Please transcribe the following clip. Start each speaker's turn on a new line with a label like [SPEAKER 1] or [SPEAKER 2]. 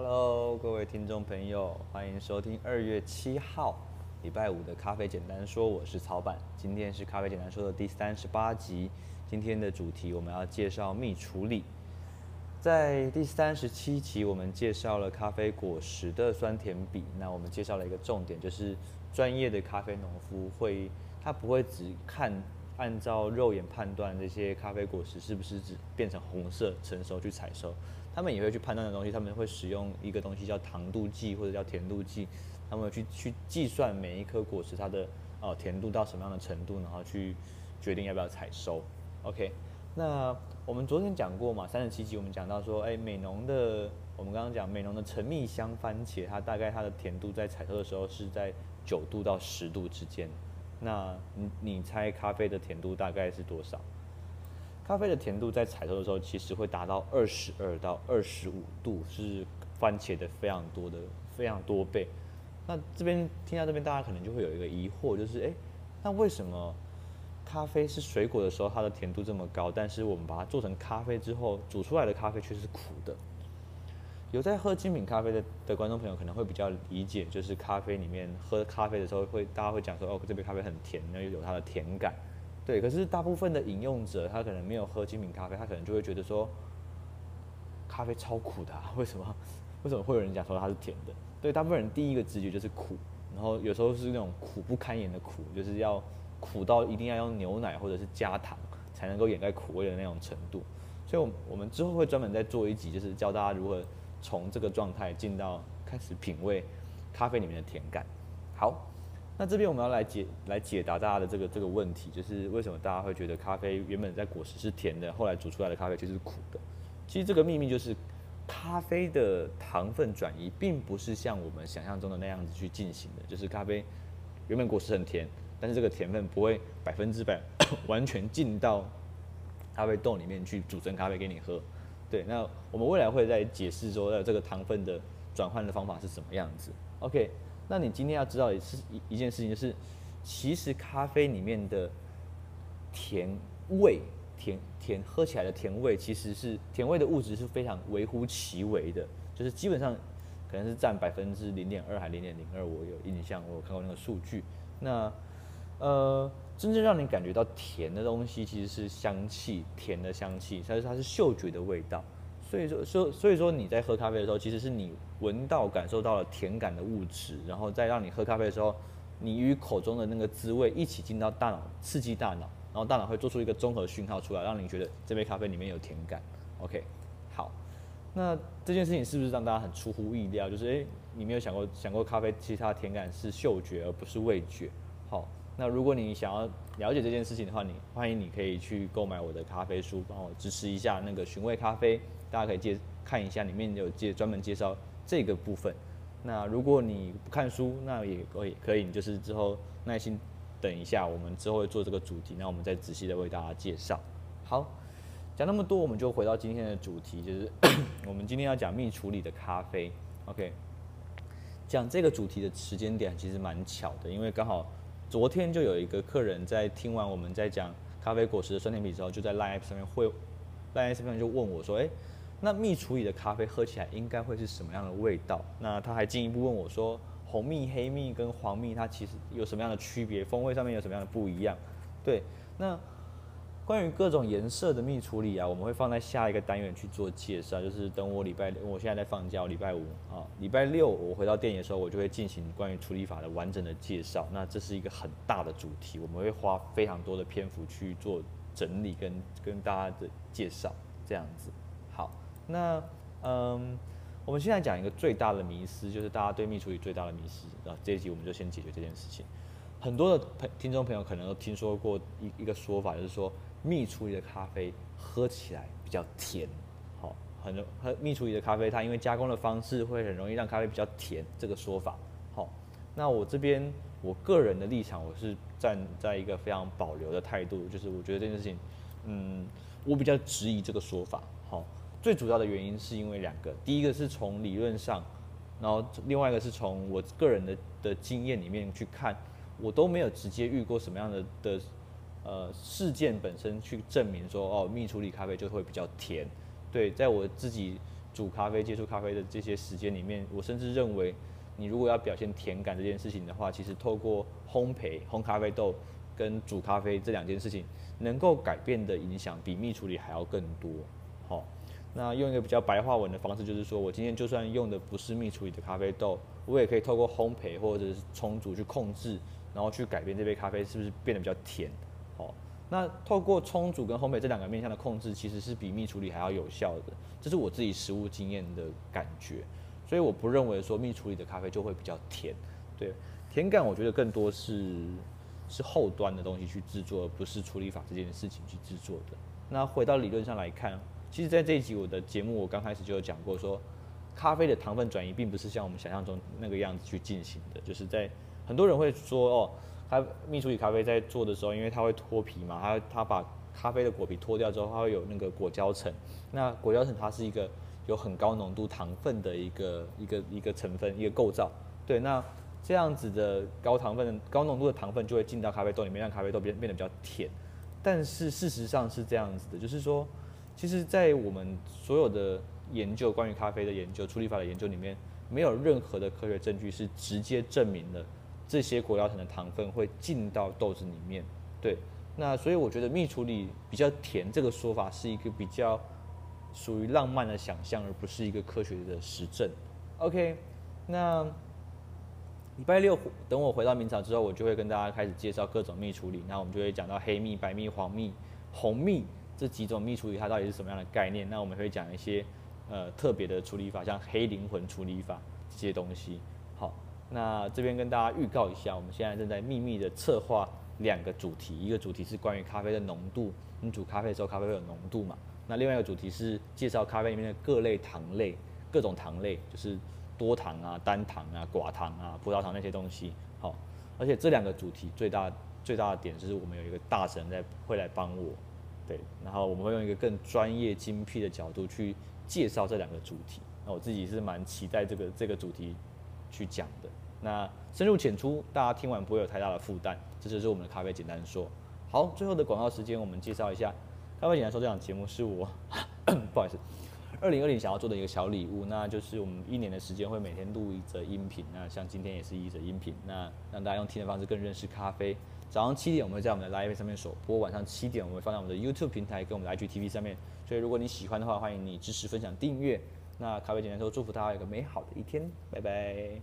[SPEAKER 1] Hello，各位聽眾朋友，歡迎收聽二月七號，禮拜五的《咖啡簡單說》，我是曹版。今天是《咖啡簡單說》的第三十八集。今天的主題，我們要介紹蜜處理。在第三十七集，我們介紹了咖啡果實的酸甜比。那我們介紹了一個重點，就是專業的咖啡農夫會，他不會只看按照肉眼判斷這些咖啡果實是不是只變成紅色成熟去採收。他們也會去判斷的東西，他們會使用一個東西叫糖度計或者叫甜度計，他們去去計算每一顆果實它的呃甜度到什麼樣的程度，然後去決定要不要採收。OK，那我們昨天講過嘛，三十七集我們講到說，哎、欸，美濃的我們剛剛講美濃的陳蜜香番茄，它大概它的甜度在採收的時候是在九度到十度之間。那你你猜咖啡的甜度大概是多少？咖啡的甜度在採收的時候其實會達到二十二到二十五度，是番茄的非常多的非常多倍。那這邊聽到這邊，大家可能就會有一個疑惑，就是哎、欸，那為什麼咖啡是水果的時候，它的甜度這麼高？但是我們把它做成咖啡之後，煮出來的咖啡卻是苦的。有在喝精品咖啡的的觀眾朋友可能會比較理解，就是咖啡裡面喝咖啡的時候會，大家會講說哦，這杯咖啡很甜，然後又有它的甜感。對，可是大部分的飲用者，他可能沒有喝精品咖啡，他可能就會覺得說，咖啡超苦的啊，為什麼？為什麼會有人講說它是甜的？對，大部分人第一個直覺就是苦，然後有時候是那種苦不堪言的苦，就是要苦到一定要用牛奶或者是加糖才能夠掩蓋苦味的那種程度。所以，我我們之後會專門再做一集，就是教大家如何從這個狀態進到開始品味咖啡裡面的甜感。好。那這邊我們要來解來解答大家的這個這個問題，就是為什麼大家會覺得咖啡原本在果實是甜的，後來煮出來的咖啡卻是苦的？其實這個祕密就是，咖啡的糖分轉移並不是像我們想象中的那樣子去進行的。就是咖啡原本果實很甜，但是這個甜分不會百分之百完全進到咖啡豆裡面去煮成咖啡給你喝。對，那我們未來會再解釋說呃這個糖分的轉換的方法是什麼樣子。OK。那你今天要知道一次一一件事情，就是其實咖啡裡面的甜味、甜甜喝起來的甜味，其實是甜味的物質是非常微乎其微的，就是基本上可能是佔百分之零點二還零點零二，我有印象，我有看過那個數據。那呃，真正讓你感覺到甜的東西，其實是香氣，甜的香氣，它、就是它是嗅覺的味道。所以說，說所以說，你在喝咖啡的時候，其實是你聞到、感受到了甜感的物質，然後再讓你喝咖啡的時候，你與口中的那個滋味一起進到大腦，刺激大腦，然後大腦會做出一個綜合訊號出來，讓你覺得這杯咖啡裡面有甜感。OK，好，那這件事情是不是讓大家很出乎意料？就是誒、欸，你沒有想過，想過咖啡其實它的甜感是嗅覺而不是味覺。好。那如果你想要了解這件事情的話，你歡迎你可以去購買我的咖啡書，幫我支持一下那個尋味咖啡。大家可以介看一下，裡面有介專門介紹這個部分。那如果你不看書，那也也可以，你就是之後耐心等一下，我們之後會做這個主題，那我們再仔細的為大家介紹。好，講那麼多，我們就回到今天的主題，就是 我們今天要講蜜處理的咖啡。OK，講這個主題的時間點其實蠻巧的，因為剛好。昨天就有一個客人在聽完我們在講咖啡果實的酸甜比之後，就在 line 上面會，line 上面就問我說：“哎，那蜜處理的咖啡喝起來應該會是什麼樣的味道？”那他還進一步問我說：“紅蜜、黑蜜跟黃蜜它其實有什麼樣的區別？風味上面有什麼樣的不一樣？”對，那。關於各種顏色的蜜處理啊，我們會放在下一個單元去做介紹。就是等我禮拜六，我現在在放假，我禮拜五啊、哦，禮拜六我回到店裡的時候，我就會進行關於處理法的完整的介紹。那這是一個很大的主題，我們會花非常多的篇幅去做整理跟跟大家的介紹。這樣子，好，那嗯，我們現在講一個最大的迷思，就是大家對蜜處理最大的迷思啊、哦。這一集我們就先解決這件事情。很多的朋聽眾朋友可能都聽說過一一個說法，就是說蜜處理的咖啡喝起來比較甜，好，很喝蜜處理的咖啡，它因為加工的方式會很容易讓咖啡比較甜，這個說法，好，那我這邊我個人的立場，我是站在一個非常保留的態度，就是我覺得這件事情，嗯，我比較質疑這個說法，好，最主要的原因是因為兩個，第一個是從理論上，然後另外一個是從我個人的的經驗裡面去看。我都沒有直接遇過什麼樣的的呃事件本身去證明說，哦蜜處理咖啡就會比較甜，對，在我自己煮咖啡接觸咖啡的這些時間裡面，我甚至認為你如果要表現甜感這件事情的話，其實透過烘焙烘咖啡豆跟煮咖啡這兩件事情能夠改變的影響比蜜處理還要更多。好、哦，那用一個比較白話文的方式就是說，我今天就算用的不是蜜處理的咖啡豆，我也可以透過烘焙或者是沖煮去控制。然後去改變這杯咖啡是不是變得比較甜？好、哦，那透過沖煮跟烘焙這兩個面向的控制，其實是比蜜處理還要有效的，這是我自己實務經驗的感覺。所以我不認為說蜜處理的咖啡就會比較甜，對甜感我覺得更多是是後端的東西去制作，而不是處理法這件事情去制作的。那回到理論上來看，其實在這一集我的節目我剛開始就有講過說，說咖啡的糖分轉移並不是像我們想象中那個樣子去進行的，就是在。很多人會說，哦，它，蜜處理咖啡在做的時候，因為它會脫皮嘛，它，它把咖啡的果皮脫掉之後，它會有那個果膠層。那果膠層它是一個有很高濃度糖分的一個一個一個成分一個構造。對，那這樣子的高糖分的高濃度的糖分就會進到咖啡豆裡面，讓咖啡豆變變得比較甜。但是事實上是這樣子的，就是說，其實，在我們所有的研究關於咖啡的研究處理法的研究裡面，沒有任何的科學證據是直接證明的。這些果膠層的糖分會進到豆子裡面，對，那所以我覺得蜜處理比較甜這個說法是一個比較屬於浪漫的想象，而不是一個科學的實證。OK，那禮拜六等我回到明朝之後，我就會跟大家開始介紹各種蜜處理。那我們就會講到黑蜜、白蜜、黃蜜、紅蜜這幾種蜜處理，它到底是什麼樣的概念？那我們會講一些、呃、特別的處理法，像黑靈魂處理法這些東西。那這邊跟大家預告一下，我們現在正在祕密的策劃兩個主題，一個主題是關於咖啡的濃度，你煮咖啡的時候咖啡會有濃度嘛？那另外一個主題是介紹咖啡裡面的各類糖類，各種糖類就是多糖啊、單糖啊、寡糖啊、葡萄糖那些東西。好、哦，而且這兩個主題最大最大的點就是我們有一個大神在會來幫我，對，然後我們會用一個更專業精闢的角度去介紹這兩個主題。那我自己是蠻期待這個這個主題。去講的，那深入淺出，大家聽完不會有太大的負擔。這就是我們的咖啡簡單說。好，最後的廣告時間，我們介紹一下咖啡簡單說這檔節目是我， 不好意思，二零二零想要做的一個小禮物，那就是我們一年的時間會每天錄一則音頻，那像今天也是一則音頻，那讓大家用聽的方式更認識咖啡。早上七點我們會在我們的 live 上面首播，晚上七點我們會放在我們的 YouTube 平台跟我們的 IGTV 上面，所以如果你喜歡的話，歡迎你支持、分享、訂閱。那咖啡姐就說：“祝福大家有一個美好的一天，拜拜。”